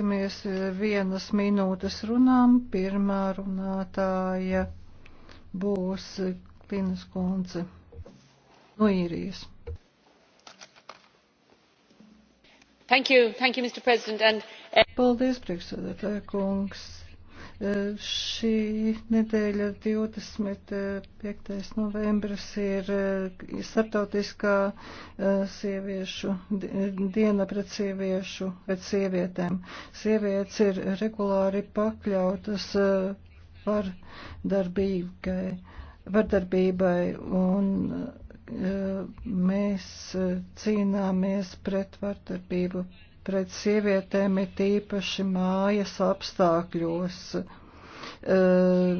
pieturēsimies e, vienas minūtes runām. Pirmā runātāja būs Klinas Kunce no īrijas. Thank you, thank you, Mr. President. And... E Paldies, priekšsēdētāja kungs. Šī nedēļa 25. novembris ir eh, starptautiskā eh, sieviešu diena pret sieviešu, pret sievietēm. Sievietes ir regulāri pakļautas eh, vardarbībai, vardarbībai un mēs cīnāmies pret vardarbību pret sievietēm ir tīpaši mājas apstākļos. Eh,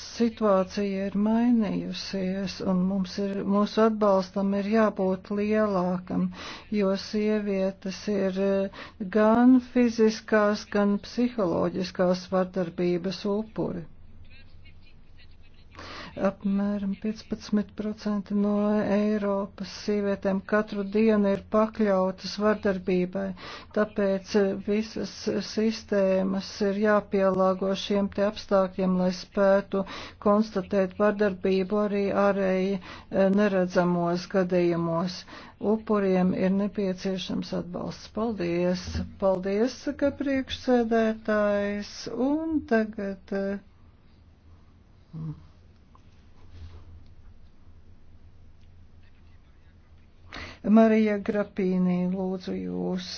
situācija ir mainījusies, un mums ir, mūsu atbalstam ir jābūt lielākam, jo sievietes ir eh, gan fiziskās, gan psiholoģiskās vardarbības upuri. Apmēram 15% no Eiropas sievietēm katru dienu ir pakļautas vardarbībai, tāpēc visas sistēmas ir jāpielāgo šiem te apstākļiem, lai spētu konstatēt vardarbību arī ārēji eh, neredzamos gadījumos. Upuriem ir nepieciešams atbalsts. Paldies! Paldies, saka priekšsēdētājs! Un tagad. Mm. Marija Grapīnī, lūdzu jūs.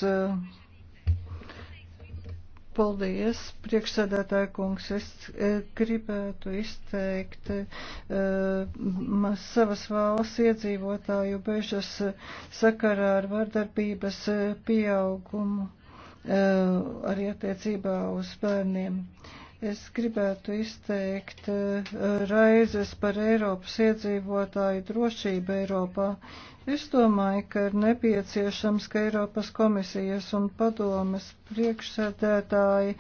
Paldies, priekšsēdētāja kungs. Es eh, gribētu izteikt uh, savas valsts iedzīvotāju bežas sakarā ar vardarbības pieaugumu uh, arī attiecībā uz bērniem. Es gribētu izteikt uh, raizes par Eiropas iedzīvotāju drošību Eiropā. Uh, Es domāju, ka ir nepieciešams, ka Eiropas komisijas un padomes priekšsēdētāji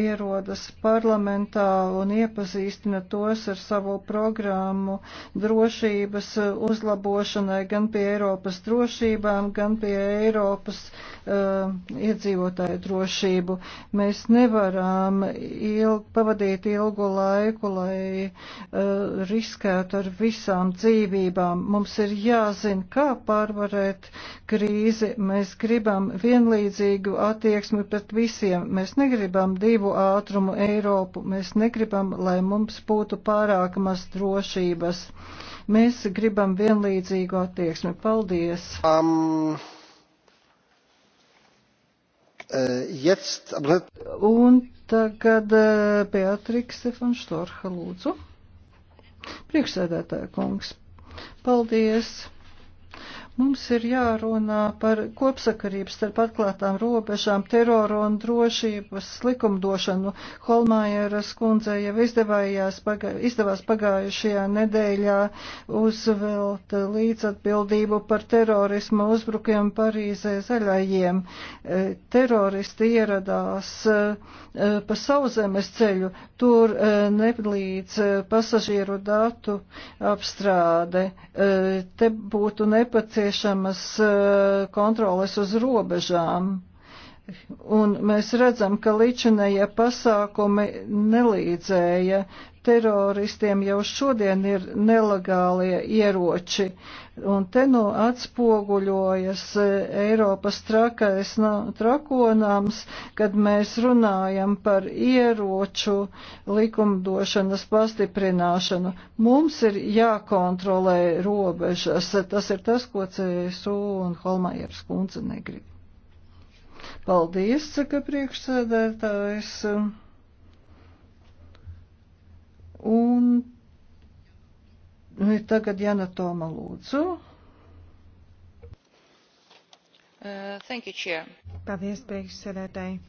ierodas parlamentā un iepazīstina tos ar savu programmu drošības uzlabošanai gan pie Eiropas drošībām, gan pie Eiropas uh, iedzīvotāju drošību. Mēs nevaram ilg, pavadīt ilgu laiku, lai uh, riskētu ar visām dzīvībām. Mums ir jāzina, kā kā pārvarēt krīzi. Mēs gribam vienlīdzīgu attieksmi pret visiem. Mēs negribam divu ātrumu Eiropu. Mēs negribam, lai mums būtu pārāk maz drošības. Mēs gribam vienlīdzīgu attieksmi. Paldies! Um. Jetzt, aber... Un tagad e, Beatriks Stefan Štorha lūdzu. Priekšsēdētāja kungs, paldies! Mums ir jārunā par kopsakarību starp atklātām robežām, teroru un drošības likumdošanu. Holmājeras kundze jau pagā, izdevās pagājušajā nedēļā uzvelt līdzatbildību par terorismu uzbrukiem Parīzē zaļajiem. E, teroristi ieradās e, e, pa sauzemes ceļu, tur neplīdz pasažieru datu apstrāde. Te būtu nepacietīgi nepieciešamas eh, kontroles uz robežām. Un mēs redzam, ka līdšanējie pasākumi nelīdzēja teroristiem jau šodien ir nelegālie ieroči. Uh, Un te nu atspoguļojas e, Eiropas trakais trakonāms, kad mēs runājam par ieroču likumdošanas pastiprināšanu. Mums ir jākontrolē robežas. Tas ir tas, ko CSU un Holmajers kundze negrib. Paldies, saka priekšsēdētājs. Un Nu, ir tagad Jana Toma lūdzu. Uh, thank you, Chair. Paldies, priekšsēdētāji.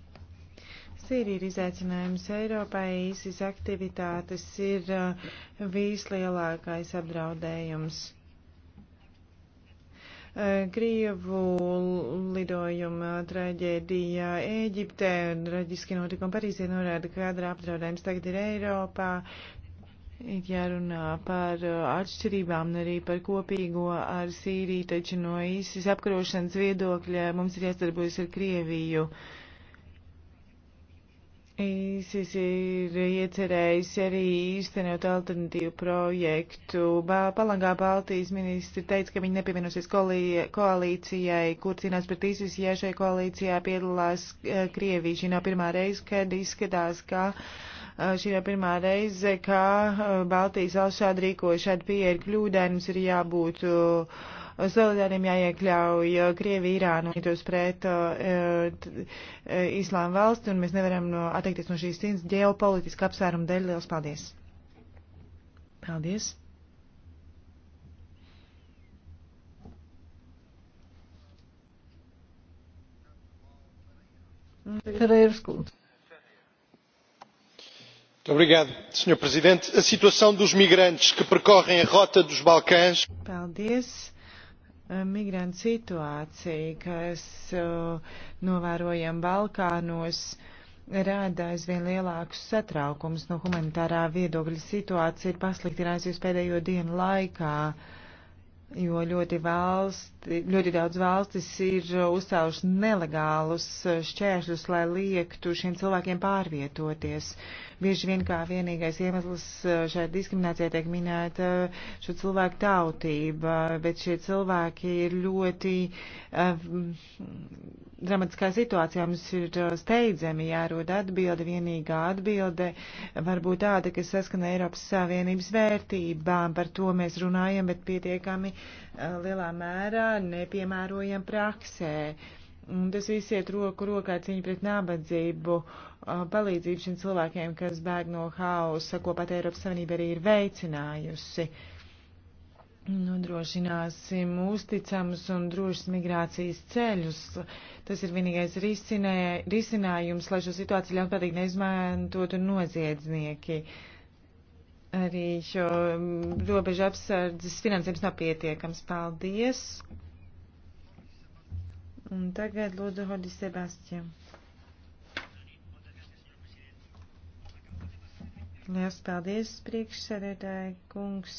Sīrija ir izaicinājums Eiropai, ISIS aktivitātes ir uh, vislielākais apdraudējums. Grievu uh, lidojuma traģēdija Ēģiptē un traģiski notikumi Parīzē norāda, ka kādra apdraudējums tagad ir Eiropā. Ir jārunā par uh, atšķirībām un arī par kopīgo ar Sīriju, taču no īsis apkarošanas viedokļa mums ir jāsadarbojas ar Krieviju. ISIS ir iecerējis arī īstenot alternatīvu projektu. Palangā Baltijas ministri teica, ka viņi nepievienosies koalīcijai, kur cīnās pret ISIS, ja šai koalīcijā piedalās uh, Krievija. Šī nav pirmā reize, kad izskatās, ka. Uh, Šī ir pirmā reize, kā Baltijas valsts šādi rīkoja šādu pieeju kļūdēm. Mums ir jābūt solidāriem, jāiekļauj Krievi, Irānu, tos pret Islāma valsti, un mēs nevaram atteikties no šīs cīņas ģeopolitiska apsvēruma dēļ. Liels paldies! Paldies! Pereiras kundze senhor presidente a situação dos migrantes que percorrem a rota dos balcãs. paldies migrantu situācija kas novērojam balkānos rada aizvien lielākus satraukumus no humanitārā viedokļa situācija ir pasliktinājusies pēdējo dienu laikā jo ļoti valsts ļoti daudz valstis ir uzcēluši nelegālus šķēršļus, lai liektu šiem cilvēkiem pārvietoties. Bieži vien kā vienīgais iemesls šai diskriminācijai tiek minēta šo cilvēku tautība, bet šie cilvēki ir ļoti uh, dramatiskā situācijā. Mums ir eh, steidzami jārod atbilde, vienīgā atbilde var būt tāda, kas saskana Eiropas Savienības vērtībām. Par to mēs runājam, bet pietiekami. Uh, Eh, lielā mērā nepiemērojam praksē. Un tas viss iet roku rokā cīņa pret nabadzību, eh, palīdzību šiem cilvēkiem, kas bēg no hausa, ko pat Eiropas Savienība arī ir veicinājusi. Nodrošināsim uzticamus un drošas migrācijas ceļus. Tas ir vienīgais risinē, risinājums, lai šo situāciju ļaunprātīgi neizmantotu noziedznieki. Uh, arī šo mm, robežu apsardzes finansējums nav pietiekams. Paldies! Un tagad lūdzu Hodi Sebastiem. Liels paldies, priekšsēdētāji kungs.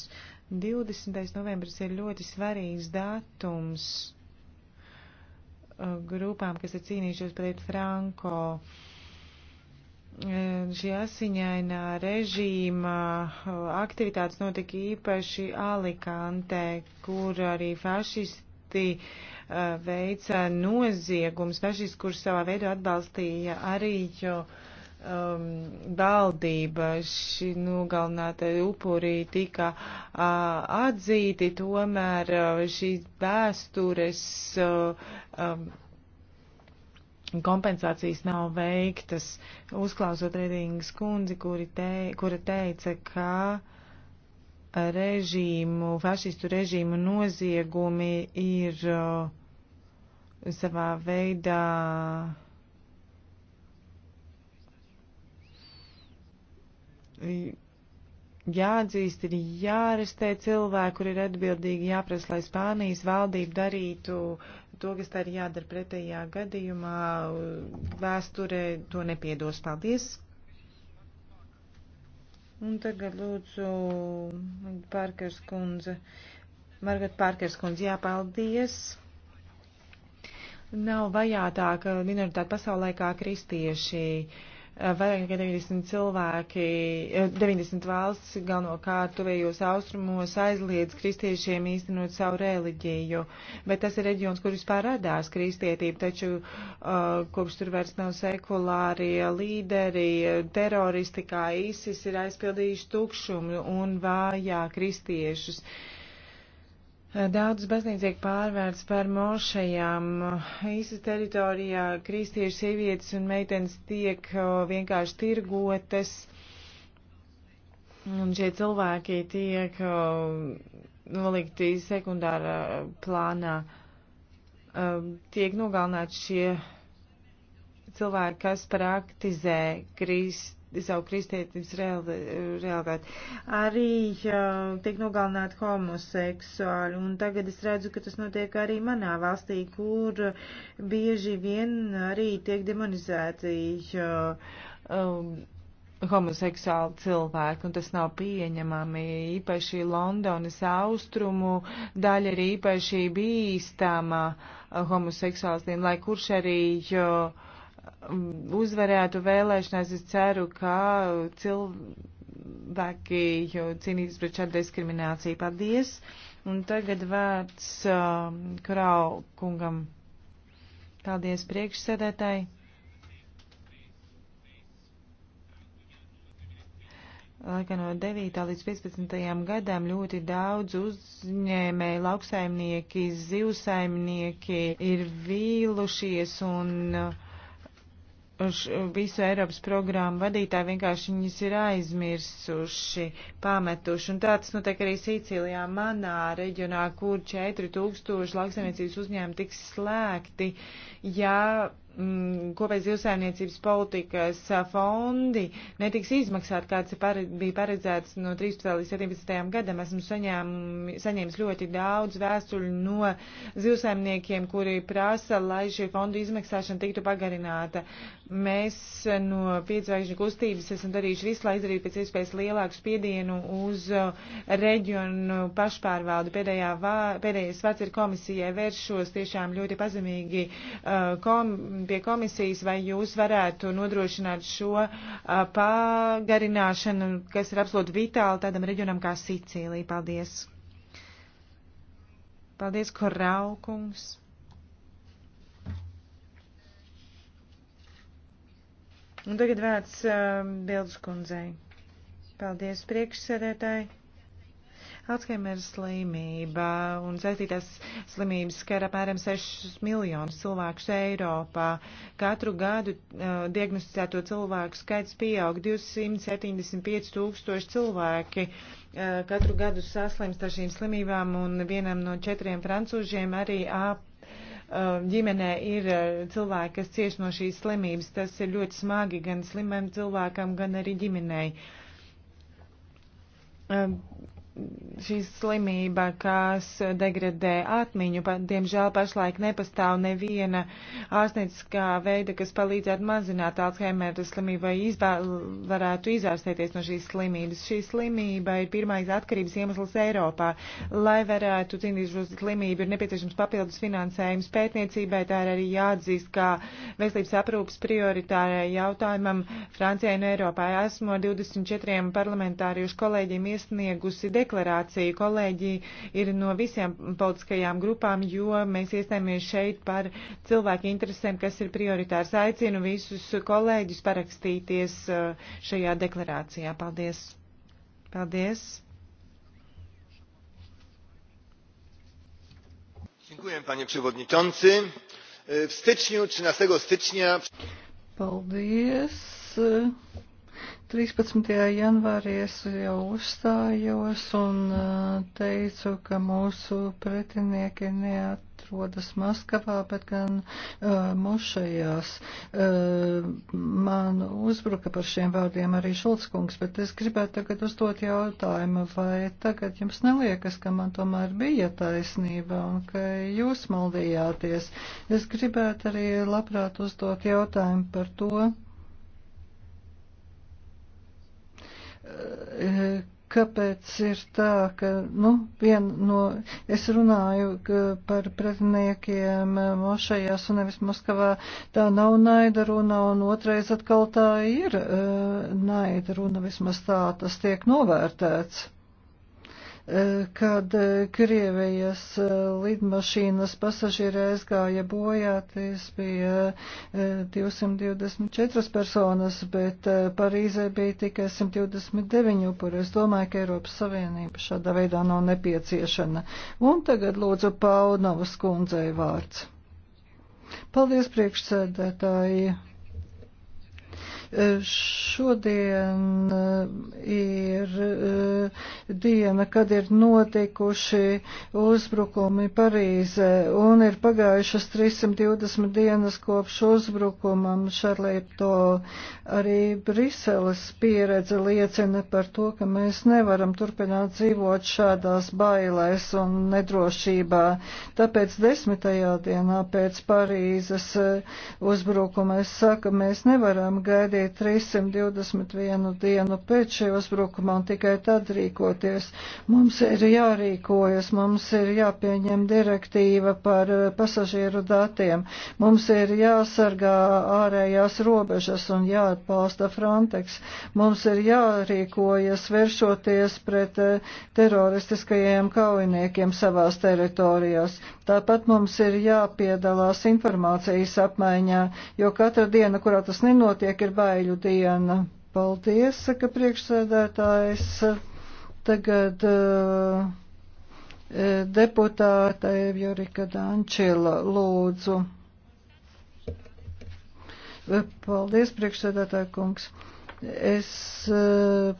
20. novembris ir ļoti svarīgs datums uh, grupām, kas ir cīnījušies pret Franko. Uh, šī asiņainā režīma aktivitātes notika īpaši Alikantē, kur arī fašisti veica noziegums, fašisti, kurš savā veidā atbalstīja arī jo, um, valdība, šī nogalnāta upurī tika uh, atzīti, tomēr uh, šīs vēstures uh, um, kompensācijas nav veiktas, uzklausot Redingas kundzi, te, kura teica, ka režīmu, fašistu režīmu noziegumi ir uh, savā veidā jāatzīst, ir jārestē cilvēki, kur ir atbildīgi jāprasa, lai Spānijas valdība darītu to, kas tā ir jādara pretējā gadījumā. Vēsture to nepiedos. Paldies! Un tagad lūdzu Pārkers kundze. Margot Pārkers kundze, jā, paldies. Nav vajātāka eh, minoritāte pasaulē kā kristieši. Uh, vairāk nekā 90 cilvēki, 90 eh, valsts galvenokārt tuvējos austrumos aizliedz kristiešiem īstenot savu reliģiju, bet tas ir reģions, kur vispār radās kristietība, taču uh, kopš tur vairs nav sekulārie līderi, teroristi kā ISIS ir aizpildījuši tukšumu un vājā kristiešus. Uh, Daudz baznīca tiek pārvērts par mošajām. Īsas teritorijā kristiešu sievietes un meitenes tiek vienkārši tirgotas, un šie cilvēki tiek nolikti sekundārā plānā. Tiek nogalināti šie cilvēki, kas praktizē krist savu kristietības realitāti. Arī uh, tiek nogalināti homoseksuāļi, un tagad es redzu, ka tas notiek arī manā valstī, kur bieži vien arī tiek demonizēti uh, um, homoseksuāli cilvēki, un tas nav pieņemami. Īpaši Londonas austrumu daļa ir īpaši bīstama homoseksuālistiem, lai kurš arī. Uh, uzvarētu vēlēšanās. Es ceru, ka cilvēki cīnīsies pret šādu diskrimināciju. Paldies! Un tagad vārds uh, um, Krau kungam. Paldies priekšsēdētāji! Laikā no 9. līdz 15. gadam ļoti daudz uzņēmēji, lauksaimnieki, zivsaimnieki ir vīlušies un uh, visu Eiropas programmu vadītāji vienkārši viņas ir aizmirsuši, pametuši. Un tā tas notiek arī Sīcilijā, manā reģionā, kur 4000 lauksaimniecības uzņēmumi tiks slēgti, ja Mm, kopējas zivsaimniecības politikas fondi netiks izmaksāt, kāds bija paredzēts no 13. līdz 17. gadam. Esmu saņēm, saņēmis ļoti daudz vēstuļu no zivsaimniekiem, kuri prasa, lai šī fondu izmaksāšana tiktu pagarināta. Mēs no piedzvaigžņu kustības esam darījuši visu, lai izdarītu pēc iespējas lielāku spiedienu uz reģionu pašpārvaldu. Pēdējā vā, pēdējais vārds ir komisijai vēršos tiešām ļoti pazemīgi. Uh, kom, pie komisijas, vai jūs varētu nodrošināt šo pagarināšanu, kas ir absolūti vitāli tādam reģionam kā Sicīlija. Paldies! Paldies, Koraukungs! Un tagad vērts um, Bildes kundzei. Paldies priekšsēdētāji. Alzheimer slimība un saistītās slimības skar apmēram 6 miljonus cilvēku Eiropā. Katru gadu uh, diagnosticēto cilvēku skaits pieaug 275 tūkstoši cilvēki. Uh, katru gadu saslimst ar šīm slimībām un vienam no četriem francūžiem arī ap uh, ģimenē ir uh, cilvēki, kas cieši no šīs slimības. Tas ir ļoti smagi gan slimam cilvēkam, gan arī ģimenei. Uh, šī slimība, kas degradē atmiņu, pat, diemžēl pašlaik nepastāv neviena ārstnieciskā veida, kas palīdzētu mazināt Alzheimera slimību vai izbā, varētu izārstēties no šīs slimības. Šī slimība ir pirmais atkarības iemesls Eiropā. Lai varētu cīnīties uz slimību, ir nepieciešams papildus finansējums pētniecībai, tā ir arī jāatzīst, kā veselības aprūpas prioritārai jautājumam Francijai un Eiropā. Esmu ar 24 parlamentāriešu kolēģiem iesniegusi deklarāciju delegāciju. Kolēģi ir no visiem politiskajām grupām, jo mēs iestājāmies šeit par cilvēku interesēm, kas ir prioritārs. Aicinu visus kolēģus parakstīties eh, šajā deklarācijā. Paldies! Paldies! Dziękuję, panie przewodniczący. E, w styczniu, 13 stycznia. Paldies. 13. janvārī es jau uzstājos un uh, teicu, ka mūsu pretinieki neatrodas Maskavā, bet gan uh, mušajās. Uh, man uzbruka par šiem vārdiem arī Šulckungs, bet es gribētu tagad uzdot jautājumu, vai tagad jums neliekas, ka man tomēr bija taisnība un ka jūs maldījāties. Es gribētu arī labprāt uzdot jautājumu par to, kāpēc ir tā, ka, nu, vien no, es runāju par pretiniekiem mošajās un nevis Maskavā, tā nav naida runa, un otrais atkal tā ir eh, naida runa, vismaz tā tas tiek novērtēts kad Krievijas lidmašīnas pasažieri aizgāja bojā, tas bija 224 e, personas, bet e, Parīzē bija tikai 129 upuri. Es domāju, ka Eiropas Savienība šādā veidā nav nepieciešama. Un tagad lūdzu Paunovas kundzei vārds. Paldies priekšsēdētāji! Šodien eh, ir eh, diena, kad ir notikuši uzbrukumi Parīzē un ir pagājušas 320 dienas kopš uzbrukumam Šarlēpto. Arī Briseles pieredze liecina par to, ka mēs nevaram turpināt dzīvot šādās bailēs un nedrošībā. Tāpēc desmitajā dienā pēc Parīzes eh, uzbrukuma es saku, mēs nevaram gaidīt arī 321 dienu pēc šī uzbrukuma un tikai tad rīkoties. Mums ir jārīkojas, mums ir jāpieņem direktīva par eh, pasažieru datiem, mums ir jāsargā ārējās robežas un jāatbalsta Frontex, mums ir jārīkojas vēršoties pret eh, teroristiskajiem kaujiniekiem savās teritorijās. Tāpat mums ir jāpiedalās informācijas apmaiņā, jo katra diena, kurā tas nenotiek, ir baigta. Evaļu diena. Paldies, saka priekšsēdētājs. Tagad uh, eh, deputāta Evjorika Dančila lūdzu. Paldies, priekšsēdētāja kungs. Es uh,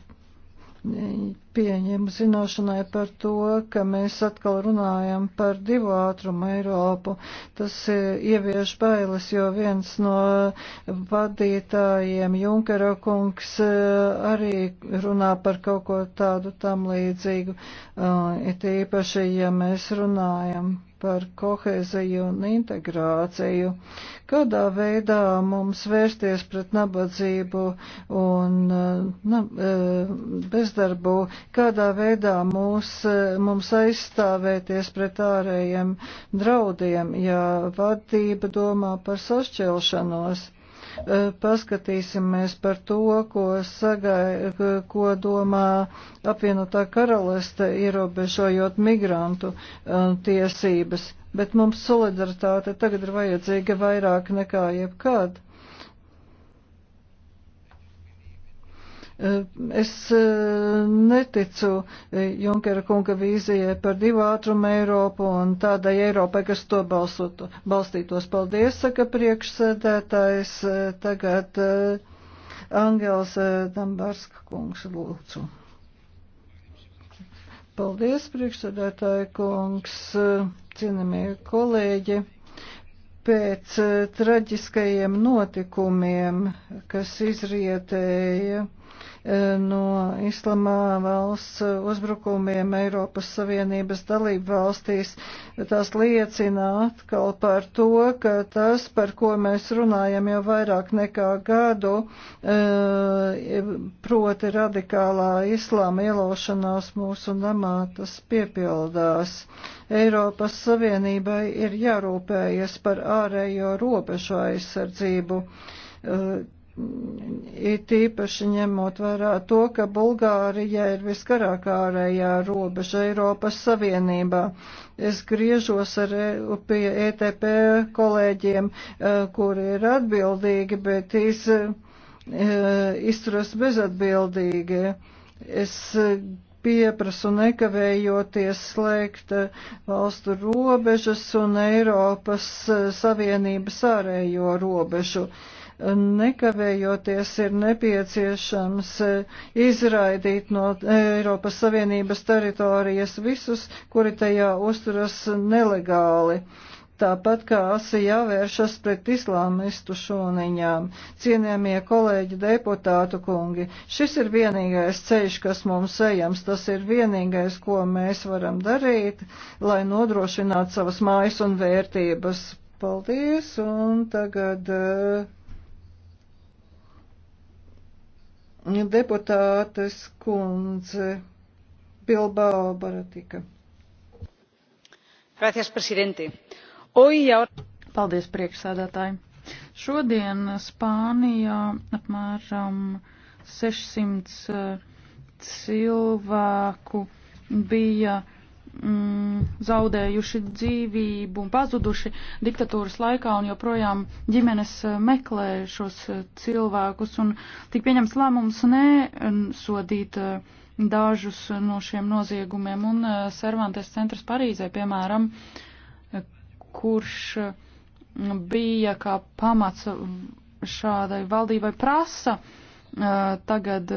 pieņem zināšanai par to, ka mēs atkal runājam par divu ātrumu Eiropu. Tas e, ievieš bailes, jo viens no vadītājiem, Junkera kungs, e, arī runā par kaut ko tādu tam līdzīgu, e, it īpaši, ja mēs runājam par kohēziju un integrāciju, kādā veidā mums vērsties pret nabadzību un na, bezdarbu, kādā veidā mūs, mums aizstāvēties pret ārējiem draudiem, ja vadība domā par sašķelšanos e, paskatīsimies par to, ko, sagai, ko domā apvienotā karaliste ierobežojot migrantu e, tiesības. Bet mums solidaritāte tagad ir vajadzīga vairāk nekā jebkad. Es eh, neticu eh, Junkera kunga vīzijai par divu ātrumu Eiropu un tādai Eiropai, kas to balsotu, balstītos. Paldies, saka priekšsēdētājs. Eh, tagad Angels Dambarska kungs lūdzu. Paldies, priekšsēdētāja kungs, cienamie kolēģi pēc traģiskajiem notikumiem, kas izrietēja no islamā valsts uzbrukumiem Eiropas Savienības dalību valstīs. Tas liecina atkal par to, ka tas, par ko mēs runājam jau vairāk nekā gadu, eh, proti radikālā islāma ielošanās mūsu namā, tas piepildās. Eiropas Savienībai ir jārūpējies par ārējo robežu aizsardzību eh, It īpaši ņemot vērā to, ka Bulgārija ir viskarākā ārējā robeža Eiropas Savienībā. Es griežos ar, e- pie ETP kolēģiem, e, kuri ir atbildīgi, bet iz, e, izturas bezatbildīgi. Es pieprasu nekavējoties slēgt valstu robežas un Eiropas Savienības ārējo robežu. Uh, nekavējoties ir nepieciešams eh, izraidīt no Eiropas Savienības teritorijas visus, kuri tajā uzturas nelegāli. Tāpat kā asi jāvēršas pret islāmistu šūniņām, cienījamie kolēģi deputātu kungi, šis ir vienīgais ceļš, kas mums ejams, tas ir vienīgais, ko mēs varam darīt, lai nodrošinātu savas mājas un vērtības. Paldies, un tagad. Uh... deputātes kundze Bilbao Baratika. Gracias, presidente. Hoy y ahora... Paldies, priekšsēdētāji. Šodien Spānijā apmēram 600 eh, cilvēku bija mm, zaudējuši dzīvību un pazuduši diktatūras laikā un joprojām ģimenes eh, meklē šos eh, cilvēkus un tik pieņems lēmums nesodīt eh, dažus no šiem noziegumiem un Servantes centrs Parīzē, piemēram, kurš bija kā pamats mm, šādai valdībai prasa tagad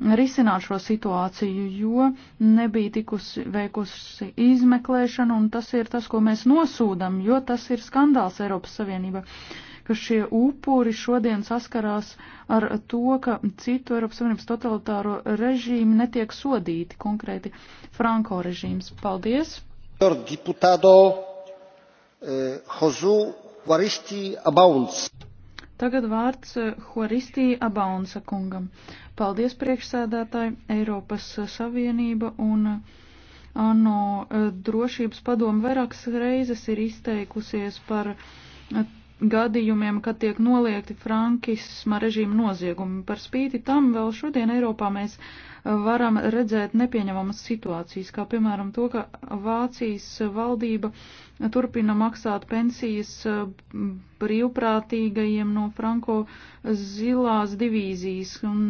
risināt šo situāciju, jo nebija tikusi veikusi izmeklēšana, un tas ir tas, ko mēs nosūdam, jo tas ir skandāls Eiropas Savienība, ka šie upuri šodien saskarās ar to, ka citu Eiropas Savienības totalitāro režīmu netiek sodīti, konkrēti Franko režīms. Paldies! Deputādo, eh, Hozu Varisti Abauns. Tagad vārds Horistī eh, Abaunsa kungam. Paldies priekšsēdētāji Eiropas eh, Savienība un eh, ANO drošības padomu vairākas reizes ir izteikusies par gadījumiem, kad tiek noliegti frankisma režīma noziegumi. Par spīti tam vēl šodien Eiropā mēs e, varam redzēt nepieņemamas situācijas, kā piemēram to, ka Vācijas valdība turpina maksāt pensijas e, brīvprātīgajiem no Franko zilās divīzijas, un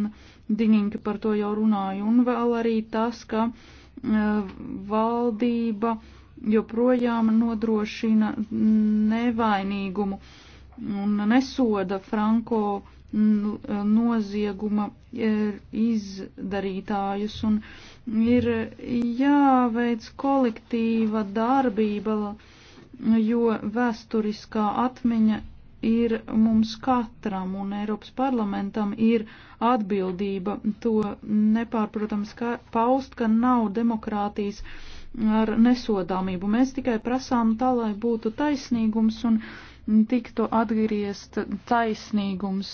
Diņinka par to jau runāja, un vēl arī tas, ka e, valdība uh, joprojām nodrošina nevainīgumu un nesoda Franko nozieguma izdarītājus un ir jāveic kolektīva darbība, jo vēsturiskā atmiņa ir mums katram un Eiropas parlamentam ir atbildība to nepārprotams ka paust, ka nav demokrātijas uh, ar nesodāmību. Mēs tikai prasām tā, lai būtu taisnīgums un tiktu atgriezt taisnīgums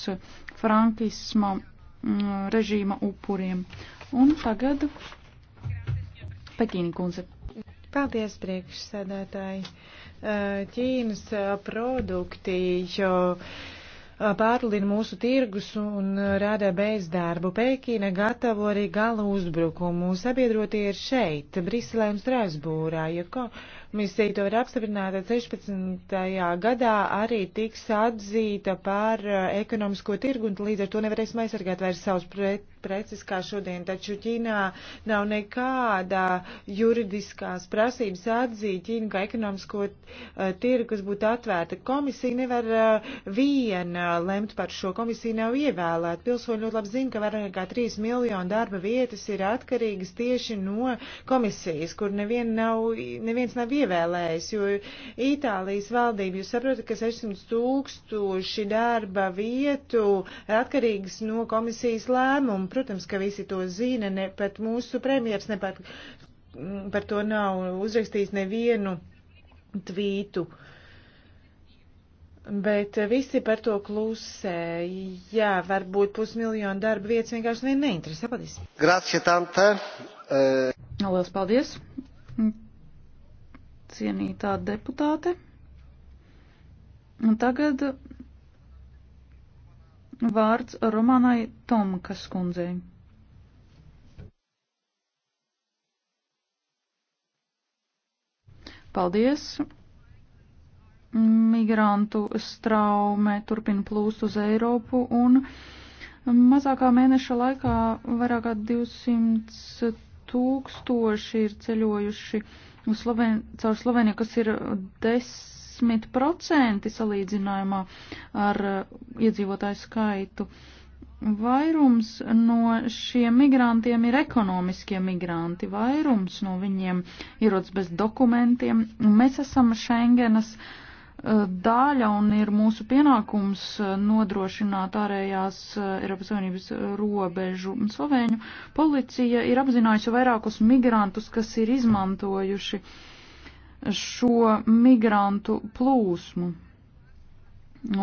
frankisma mm, režīma upuriem. Un tagad Pekīni kundze. Paldies, priekšsēdētāji. Ķīnas produkti, jo. Uh, pārlina mūsu tirgus un rada bezdarbu. Pekīna gatavo arī gala uzbrukumu. Sabiedrotie ir šeit, Briselē un Strasbūrā. Ja ko, Komisija to ir apstiprināta 16. gadā arī tiks atzīta par uh, ekonomisko tirgu un līdz ar to nevarēsim aizsargāt vairs savus pre preces kā šodien. Taču Ķīnā nav nekādā juridiskās prasības atzīt Ķīnu kā ekonomisko uh, tirgu, kas būtu atvērta. Komisija nevar uh, viena lemt par šo. Komisija nav ievēlēta. Pilsoņi ļoti labi zina, ka vairāk nekā 3 miljonu darba vietas ir atkarīgas tieši no komisijas, kur nevien nav, neviens nav ievēlēts ievēlējis, jo Itālijas valdība, jūs saprotat, ka 600 tūkstoši darba vietu ir atkarīgas no komisijas lēmumu. Protams, ka visi to zina, ne pat mūsu premjers ne par, mm, par to nav uzrakstījis nevienu tvītu. Bet visi par to klusē. Jā, varbūt pusmiljonu darba vietas vienkārši vien neinteresē. Paldies. Grazie, tante. Uh... Lielas paldies cienītā deputāte. Un tagad vārds Romanai Tomkas kundzei. Paldies! Migrantu straume turpina plūst uz Eiropu un mazākā mēneša laikā vairāk kā 200 tūkstoši ir ceļojuši Sloven, caur Sloveniju, kas ir 10% salīdzinājumā ar uh, iedzīvotāju skaitu. Vairums no šiem migrantiem ir ekonomiskie migranti, vairums no viņiem ierodas bez dokumentiem. Mēs esam Schengenas uh, Eh, daļa un ir mūsu pienākums eh, nodrošināt ārējās eh, Eiropas Savienības robežu. Slovēņu policija ir apzinājusi vairākus migrantus, kas ir izmantojuši šo migrantu plūsmu.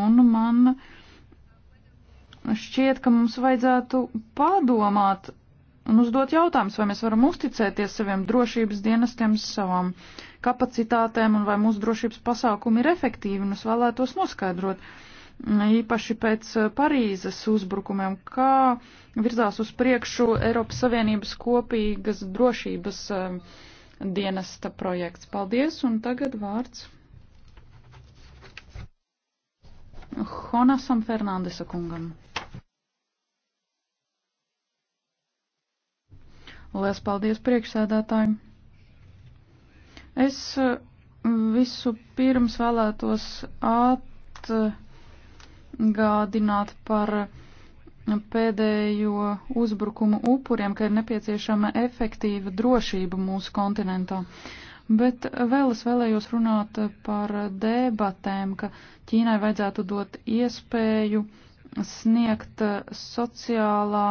Un man šķiet, ka mums vajadzētu padomāt un uzdot jautājumus, vai mēs varam uzticēties saviem drošības dienestiem, savām kapacitātēm un vai mūsu drošības pasākumi ir efektīvi, un es vēlētos noskaidrot, mm, īpaši pēc eh, Parīzes uzbrukumiem, kā virzās uz priekšu Eiropas Savienības kopīgas drošības eh, dienesta projekts. Paldies, un tagad vārds. Honasam Fernandesa kungam. Lielas paldies priekšsēdētājiem! Es eh, visu pirms vēlētos atgādināt par pēdējo uzbrukumu upuriem, ka ir nepieciešama efektīva drošība mūsu kontinentā. Bet vēl es vēlējos runāt par debatēm, ka Ķīnai vajadzētu dot iespēju sniegt sociālā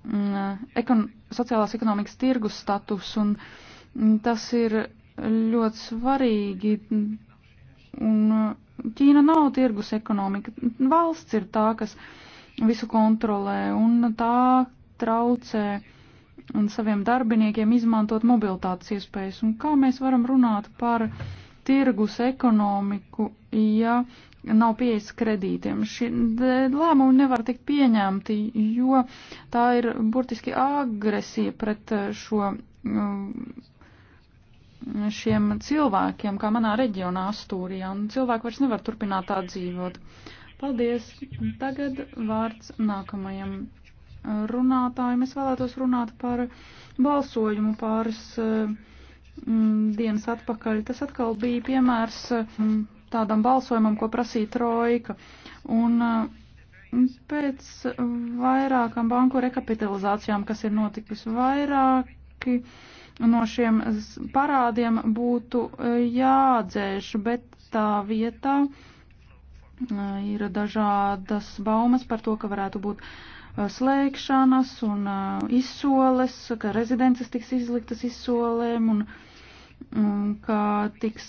Mm, eh, ekon sociālās ekonomikas tirgus status, un mm, tas ir ļoti svarīgi. Un eh, Ķīna nav tirgus ekonomika. Valsts ir tā, kas visu kontrolē, un tā traucē un saviem darbiniekiem izmantot mobilitātes iespējas. Un kā mēs varam runāt par tirgus ekonomiku, ja nav pieejas kredītiem. Šie lēmumi nevar tikt pieņemti, jo tā ir burtiski agresija pret eh, šo, mm, šiem cilvēkiem, kā manā reģionā Astūrijā, un cilvēki vairs nevar turpināt tā dzīvot. Paldies! Tagad vārds nākamajam runātājiem. Es vēlētos runāt par balsojumu pāris eh, mm, dienas atpakaļ. Tas atkal bija piemērs. Mm, tādam balsojumam, ko prasīja Trojka. Un uh, pēc vairākām banku rekapitalizācijām, kas ir notikusi vairāki, no šiem parādiem būtu uh, jādzēš, bet tā vietā uh, ir dažādas baumas par to, ka varētu būt slēgšanas un izsoles, ka rezidences tiks izliktas izsolēm un uh, ka tiks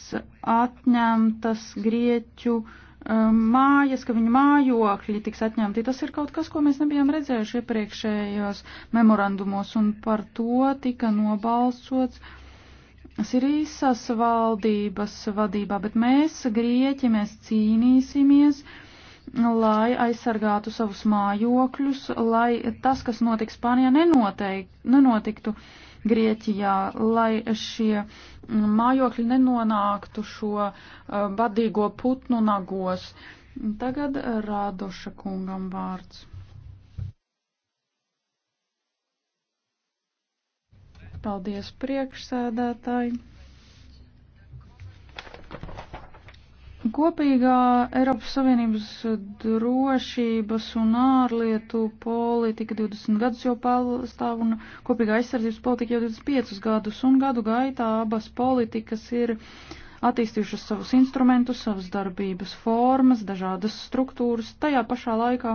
atņemtas grieķu um, mājas, ka viņu mājokļi tiks atņemti. Tas ir kaut kas, ko mēs nebijām redzējuši iepriekšējos memorandumos, un par to tika nobalsots Sirīsas valdības vadībā, bet mēs, grieķi, mēs cīnīsimies, lai aizsargātu savus mājokļus, lai tas, kas notiks Spānijā, nenoteik, nenotiktu. nenotiktu Grieķijā, lai šie mājokļi nenonāktu šo uh, badīgo putnu nagos. Tagad Rādoša kungam vārds. Paldies priekšsēdētāji. Kopīgā Eiropas Savienības drošības un ārlietu politika 20 gadus jau pastāv un kopīgā aizsardzības politika jau 25 gadus un gadu gaitā abas politikas ir attīstījušas savus instrumentus, savas darbības formas, dažādas struktūras. Tajā pašā laikā,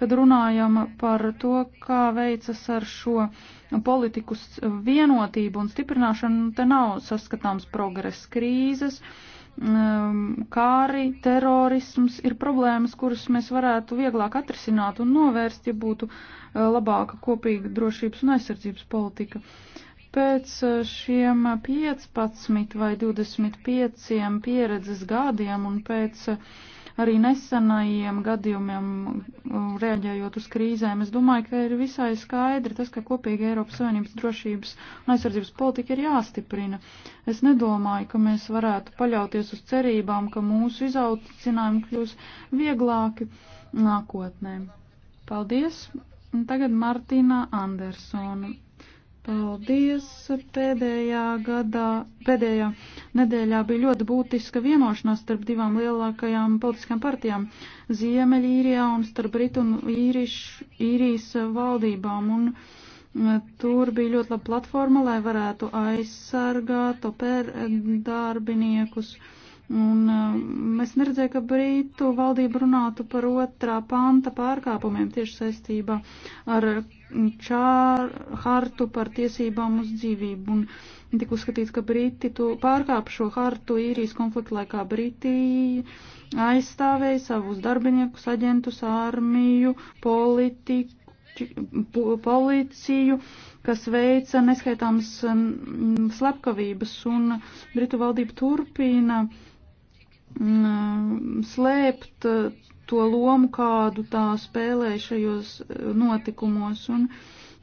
kad runājam par to, kā veicas ar šo politiku vienotību un stiprināšanu, te nav saskatāms progress krīzes. Uh, Ehm, kāri, terorisms ir problēmas, kuras mēs varētu vieglāk atrisināt un novērst, ja būtu eh, labāka kopīga drošības un aizsardzības politika. Pēc eh, šiem 15 vai 25 pieredzes gadiem un pēc uh, arī nesenajiem gadījumiem, reaģējot uz krīzēm. Es domāju, ka ir visai skaidri tas, ka kopīga Eiropas Savienības drošības un aizsardzības politika ir jāstiprina. Es nedomāju, ka mēs varētu paļauties uz cerībām, ka mūsu izaucinājumi kļūs vieglāki nākotnē. Paldies! Un tagad Martina Andersona Paldies! Pēdējā gadā, pēdējā nedēļā bija ļoti būtiska vienošanās starp divām lielākajām politiskām partijām - Ziemeļīrijā un starp Britu un īriš, īrijas valdībām. Un e, tur bija ļoti laba platforma, lai varētu aizsargāt oper darbiniekus. Uh, Un um, es neredzēju, ka Brītu valdība runātu par otrā panta pārkāpumiem tieši saistībā ar čāru hartu par tiesībām uz dzīvību. Un tik uzskatīts, ka Briti tu pārkāp šo hartu īrijas konflikta laikā. Briti aizstāvēja savus darbiniekus, aģentus, armiju, politiku policiju, kas veica neskaitāmas mm, slepkavības, un Britu valdība turpina uh, Um, slēpt uh, to lomu, kādu tā spēlē šajos uh, notikumos. Un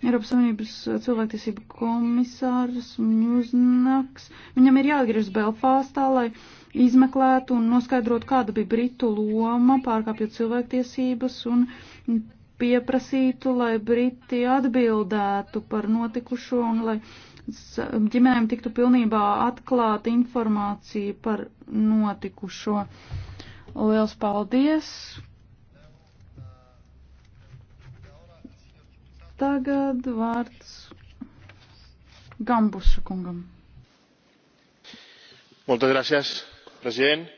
Eiropas Savienības cilvēktiesība komisārs Mjuznaks, viņam ir jāatgriežas Belfāstā, lai izmeklētu un noskaidrotu, kāda bija Britu loma pārkāpjot cilvēktiesības un pieprasītu, lai Briti atbildētu par notikušo un lai ģimenēm tiktu pilnībā atklāta informācija par notikušo. Liels paldies! Tagad vārds Gambusu kungam. Moltes gracias, prezident.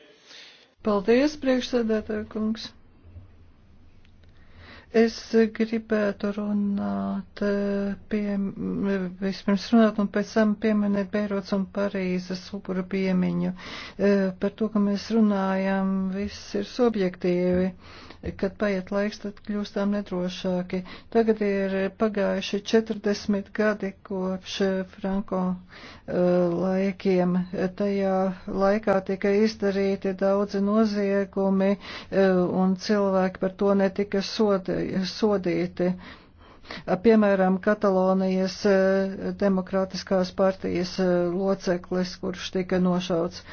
Paldies, priekšsēdētāja kungs. Es gribētu runāt, pie, vispirms runāt un pēc tam pieminēt Beirots un Parīzes upuru piemiņu. Eh, par to, ka mēs runājam, viss ir subjektīvi. Kad paiet laiks, tad kļūstām nedrošāki. Tagad ir pagājuši 40 gadi kopš Franko eh, laikiem. Tajā laikā tika izdarīti daudzi noziegumi eh, un cilvēki par to netika sodi, sodīti. Piemēram, Katalonijas eh, demokrātiskās partijas eh, loceklis, kurš tika nošauts, eh,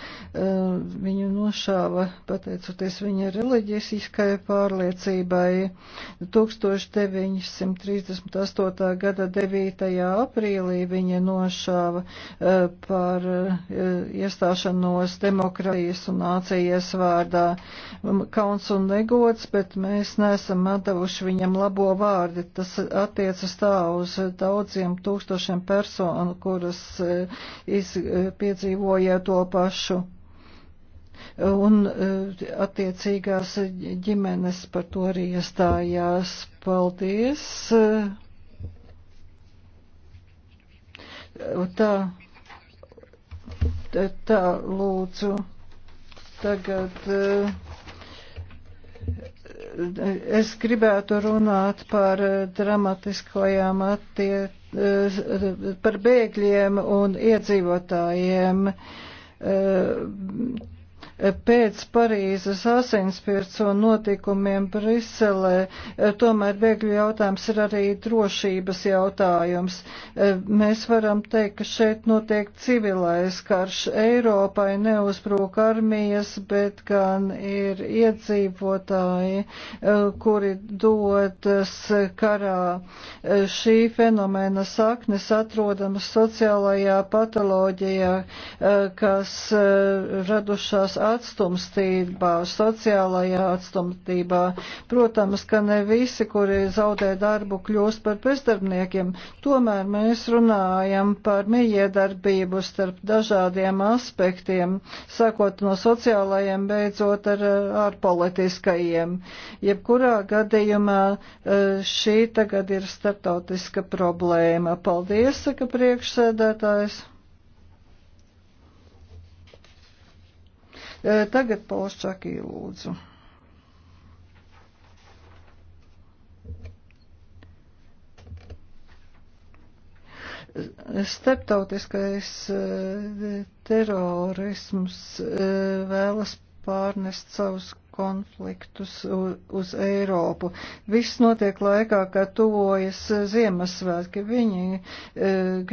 viņu nošāva pateicoties viņa reliģiskai pārliecībai 1938. gada 9. aprīlī viņa nošāva par iestāšanos demokrātijas un nācijas vārdā. Kauns un negods, bet mēs nesam atdevuši viņam labo vārdi. Tas attiecas tā uz daudziem tūkstošiem personu, kuras eh, iz, eh, piedzīvoja to pašu. Un eh, attiecīgās ģimenes par to arī iestājās. Paldies! Tā, tā lūdzu, tagad es gribētu runāt par dramatiskajām attiecībām par bēgļiem un iedzīvotājiem. Pēc Parīzes asinspirco notikumiem Briselē tomēr bēgļu jautājums ir arī drošības jautājums. Mēs varam teikt, ka šeit notiek civilais karš. Eiropai neuzbrūk armijas, bet gan ir iedzīvotāji, kuri dodas karā. Šī fenomena saknes atrodamas sociālajā patoloģijā, kas radušās atstumstībā, sociālajā atstumtībā. Protams, ka ne visi, kuri zaudē darbu, kļūst par bezdarbniekiem. Tomēr mēs runājam par mijiedarbību starp dažādiem aspektiem, sākot no sociālajiem, beidzot ar, ar politiskajiem. Jebkurā gadījumā e, šī tagad ir starptautiska problēma. Paldies, saka priekšsēdētājs. E, tagad Polščakī lūdzu. Starptautiskais e, terorisms e, vēlas pārnest savus konfliktus uz Eiropu. Viss notiek laikā, kad tuvojas Ziemassvētki. Viņi e,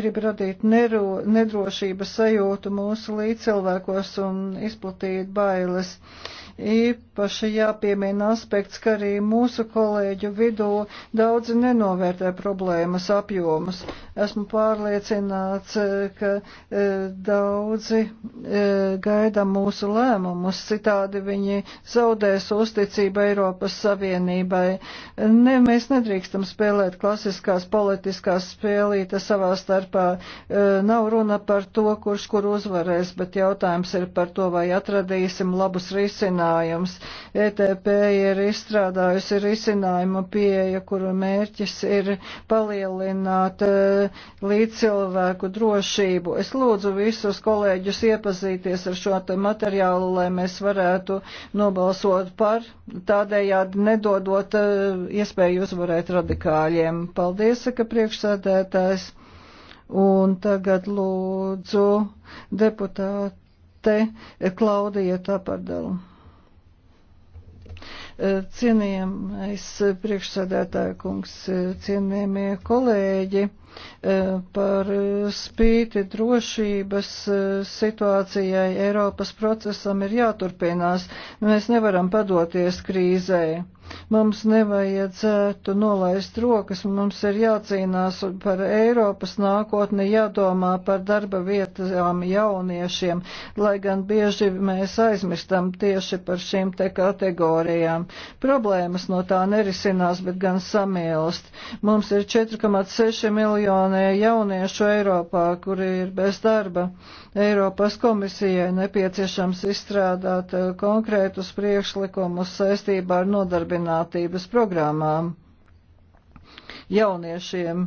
grib radīt nero, nedrošības sajūtu mūsu līdzcilvēkos un izplatīt bailes. Uh, Īpaši jāpiemina aspekts, ka arī mūsu kolēģu vidū daudzi nenovērtē problēmas apjomus. Esmu pārliecināts, ka e, daudzi e, gaida mūsu lēmumus, citādi viņi zaudēs uzticību Eiropas Savienībai. Ne, mēs nedrīkstam spēlēt klasiskās politiskās spēlītes savā starpā. E, nav runa par to, kurš kur uzvarēs, bet jautājums ir par to, vai atradīsim labus risinājumus risinājums. ETP ir izstrādājusi risinājumu pieeja, kuru mērķis ir palielināt e, līdz cilvēku drošību. Es lūdzu visus kolēģus iepazīties ar šo materiālu, lai mēs varētu nobalsot par, tādējādi nedodot e, iespēju uzvarēt radikāļiem. Paldies, saka priekšsēdētājs. Un tagad lūdzu deputāte Klaudija Tapardelu. Eh, Cienījamais eh, priekšsēdētāja kungs, eh, cienījamie kolēģi par spīti drošības situācijai Eiropas procesam ir jāturpinās. Mēs nevaram padoties krīzē. Mums nevajadzētu nolaist rokas, mums ir jācīnās par Eiropas nākotni, jādomā par darba vietām jauniešiem, lai gan bieži mēs aizmirstam tieši par šīm te kategorijām. Problēmas no tā nerisinās, bet gan samilst. Mums ir 4,6 miljonē jauniešu Eiropā, kuri ir bez darba. Eiropas komisijai nepieciešams izstrādāt eh, konkrētus priekšlikumus saistībā ar nodarbību nodarbinātības programmām jauniešiem.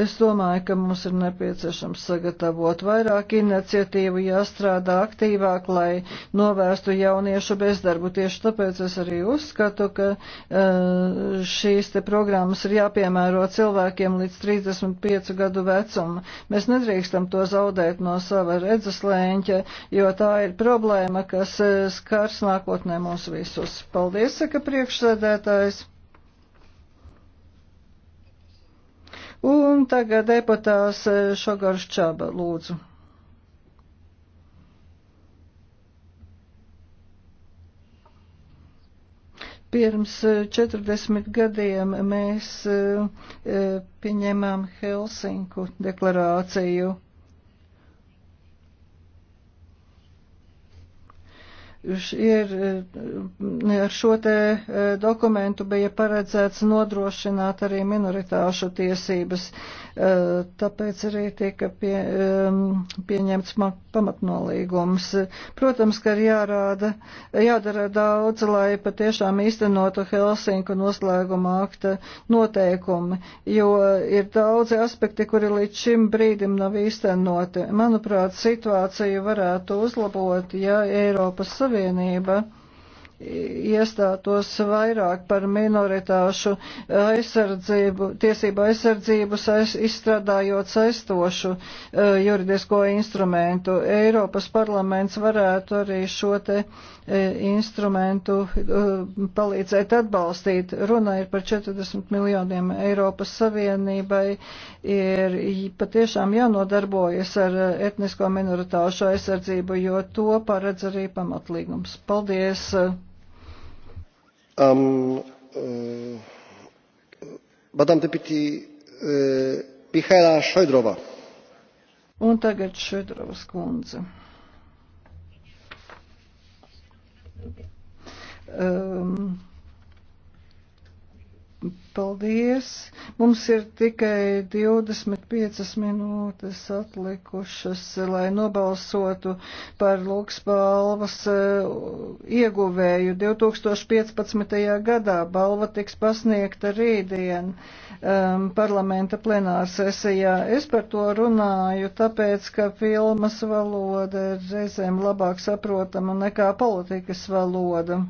Es domāju, ka mums ir nepieciešams sagatavot vairāk iniciatīvu, jāstrādā aktīvāk, lai novērstu jauniešu bezdarbu. Tieši tāpēc es arī uzskatu, ka eh, šīs te programmas ir jāpiemēro cilvēkiem līdz 35 gadu vecumam. Mēs nedrīkstam to zaudēt no sava redzeslēņķa, jo tā ir problēma, kas eh, skars nākotnē mūs visus. Paldies, saka priekšsēdētājs. Un tagad deputāts eh, Šogars Čaba, lūdzu. Pirms 40 eh, gadiem mēs eh, pieņemām Helsinku deklarāciju ir e, ar šo te e, dokumentu bija paredzēts nodrošināt arī minoritāšu tiesības, e, tāpēc arī tika pie, pieņemts pamatnolīgums. Protams, ka ir jārāda, jādara daudz, lai patiešām īstenotu Helsinku noslēguma akta noteikumi, jo ir daudzi aspekti, kuri līdz šim brīdim nav īstenoti. Manuprāt, situāciju varētu uzlabot, ja Eiropas Savienība Savienība iestātos vairāk par minoritāšu aizsardzību, tiesību aizsardzību, sais, izstrādājot saistošu uh, juridisko instrumentu. Eiropas parlaments varētu arī šo te E, instrumentu e, palīdzēt atbalstīt. Runa ir par 40 miljoniem Eiropas Savienībai. Ir patiešām jānodarbojas ar etnisko minoritāšu aizsardzību, jo to paredz arī pamatlīgums. Paldies! Um, uh, e, Madame Deputy uh, Mihaila Šoidrova. Un tagad Šoidrovas kundze. Um, paldies. Mums ir tikai 25 minūtes atlikušas, lai nobalsotu par Lūksbalvas uh, ieguvēju 2015. gadā. Balva tiks pasniegta rītdien um, parlamenta plenārsesijā. Es par to runāju, tāpēc, ka filmas valoda ir reizēm labāk saprotama nekā politikas valoda.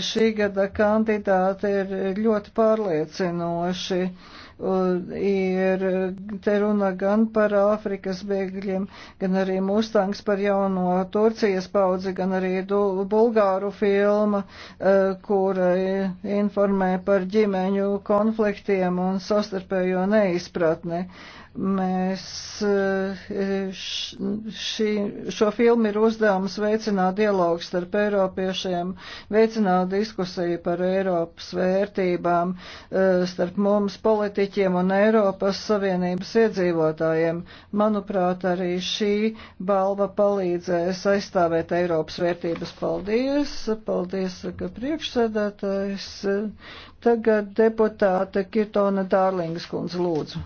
Šī gada kandidāti ir ļoti pārliecinoši. Ir te runa gan par Āfrikas bēgļiem, gan arī Mustangs par jauno Turcijas paudzi, gan arī Bulgāru filma, eh, kura eh, informē par ģimeņu konfliktiem un sastarpējo neizpratni. Uh, Mēs eh, šī, šo filmu ir uzdevums veicināt dialogu starp Eiropiešiem, veicināt diskusiju par Eiropas vērtībām eh, starp mums politiķiem un Eiropas Savienības iedzīvotājiem. Manuprāt, arī šī balva palīdzēs aizstāvēt Eiropas vērtības. Paldies! Paldies, ka priekšsēdētājs. Tagad deputāte Kirtona Dārlingas kundze lūdzu.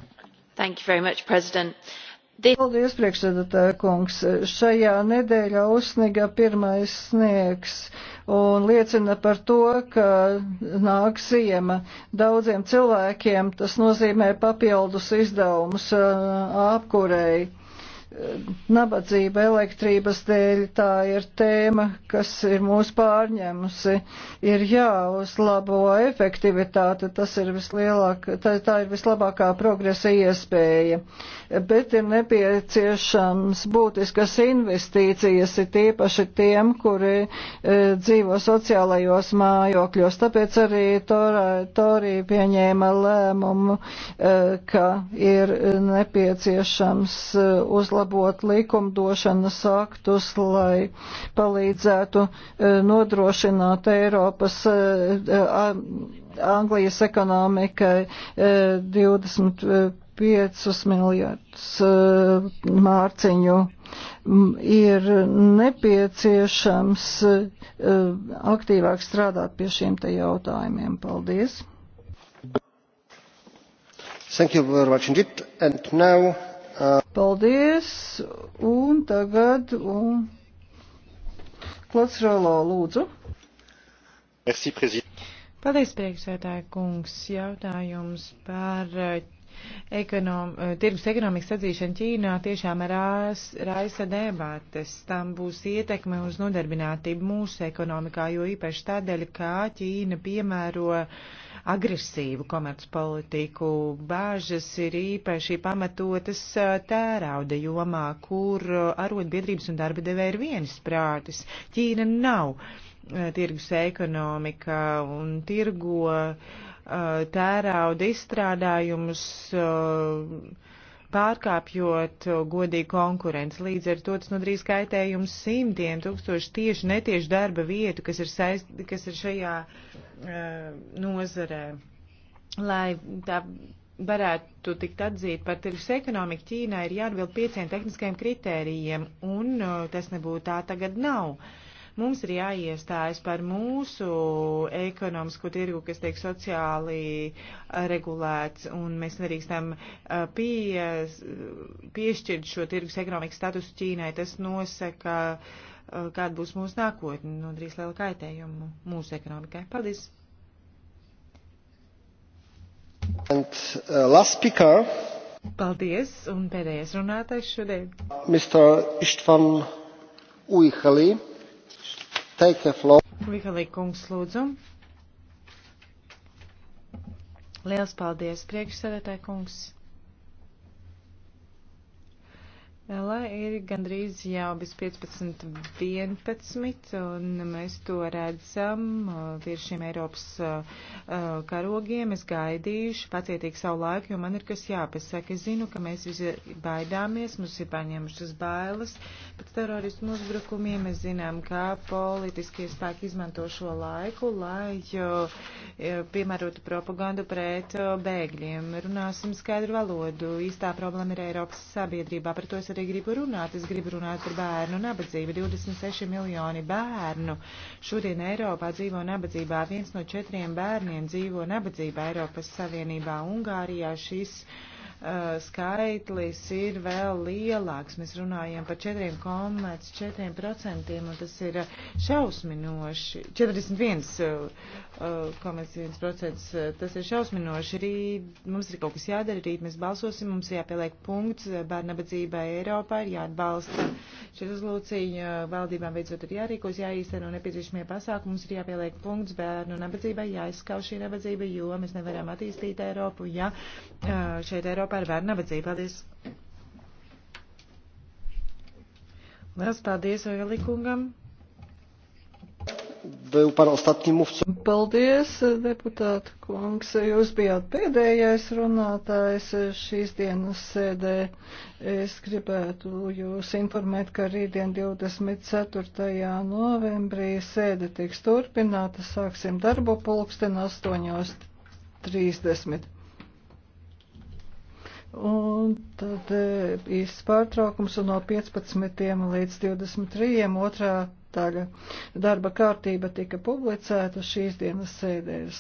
Much, This... Paldies, priekšsēdētāja kungs. Šajā nedēļā uzsniga pirmais sniegs un liecina par to, ka nāk ziema. Daudziem cilvēkiem tas nozīmē papildus izdevumus apkurēji Nabadzība elektrības dēļ tā ir tēma, kas ir mūs pārņēmusi. Ir jāuzlabo efektivitāte, tas ir vislielāk, tā, tā ir vislabākā progresa iespēja. Bet ir nepieciešams būtiskas investīcijas, ir tīpaši tiem, kuri e, dzīvo sociālajos mājokļos. Tāpēc arī Torija pieņēma lēmumu, e, ka ir nepieciešams e, uzlabot uzlabot likumdošanas aktus, lai palīdzētu e, nodrošināt Eiropas e, e, Anglijas ekonomikai 25 miljardus mārciņu. Ir nepieciešams aktīvāk strādāt pie šiem te jautājumiem. Paldies! Thank you very much indeed. And now Paldies, un tagad un... Klats Rolo, lūdzu. Merci, prezident. Paldies, priekšsēdāja kungs. Jautājums par eh, Ekonom, eh, tirgus ekonomikas atzīšana Ķīnā tiešām rās, raisa debātes. Tam būs ietekme uz nodarbinātību mūsu ekonomikā, jo īpaši tādēļ, kā Ķīna piemēro agresīvu komercpolitiku. Bāžas ir īpaši pamatotas eh, tērauda jomā, kur eh, arotbiedrības un darba devē ir vienas prātis. Ķīna nav tirgus ekonomika un tirgo Uh, tērauda izstrādājumus, uh, pārkāpjot uh, godīgu konkurenci. Līdz ar to tas nodarīs kaitējumu simtiem tūkstoši tieši netieši darba vietu, kas ir, saist, kas ir šajā nozarē. Lai tā varētu tikt atzīt par tirgus ekonomiku, Ķīnai ir jāatbild pieciem tehniskajiem kritērijiem, un tas nebūtu tā tagad nav. Uh, Mums ir jāiestājas par mūsu ekonomisko tirgu, kas tiek sociāli regulēts, un mēs nedrīkstam uh, pie, piešķirt šo tirgus ekonomikas statusu Ķīnai. Tas nosaka, uh, kāda būs mūsu nākotne, nodarīs lielu kaitējumu mūsu ekonomikai. Paldies! And, uh, last speaker. Paldies, un pēdējais runātais šodien. Mr. Istvan Uihali. Vihalī kungs, lūdzu. Liels paldies, priekšsēdētāji kungs. LA ir gandrīz jau bez 15.11, un mēs to redzam uh, virs šiem Eiropas uh, uh, karogiem. Es gaidīšu pacietīgi savu laiku, jo man ir kas jāpasaka. Es zinu, ka mēs visi baidāmies, mums ir paņēmušas bailes pēc teroristu uzbrukumiem. Mēs zinām, kā politiskie spēki izmanto šo laiku, lai piemērotu propagandu pret bēgļiem. Runāsim skaidru valodu. Īstā problēma ir Eiropas sabiedrībā. Par to es arī gribu runāt. Es gribu runāt par bērnu nabadzību. 26 miljoni bērnu šodien Eiropā dzīvo nabadzībā. Viens no četriem bērniem dzīvo nabadzībā Eiropas Savienībā. Ungārijā šis. Uh, Eh, skaitlis ir vēl lielāks. Mēs runājam par 4,4% un tas ir šausminoši. 41,1% eh, eh, tas ir šausminoši. Rīt mums ir kaut kas jādara, rīt mēs balsosim, mums jāpieliek punkts bērnabadzībai Eiropā, ir jāatbalsta šī rezolūcija, valdībām beidzot ir jārīkos, jāīsteno nepieciešamie pasākumi, mums ir jāpieliek punkts bērnu nabadzībai, jāizskauž šī nabadzība, jo mēs nevaram attīstīt Eiropu, ja šeit Eiropa Eiropā ir vērna nabadzība. Paldies! Liels paldies Oili kungam! Paldies, deputāta kungs. Jūs bijāt pēdējais runātājs šīs dienas sēdē. Es gribētu jūs informēt, ka rītdien 24. novembrī sēde tiks turpināta. Sāksim darbu pulksten 8.30. Un tad īsts eh, pārtraukums un no 15. līdz 23. otrā daļa darba kārtība tika publicēta šīs dienas sēdēs.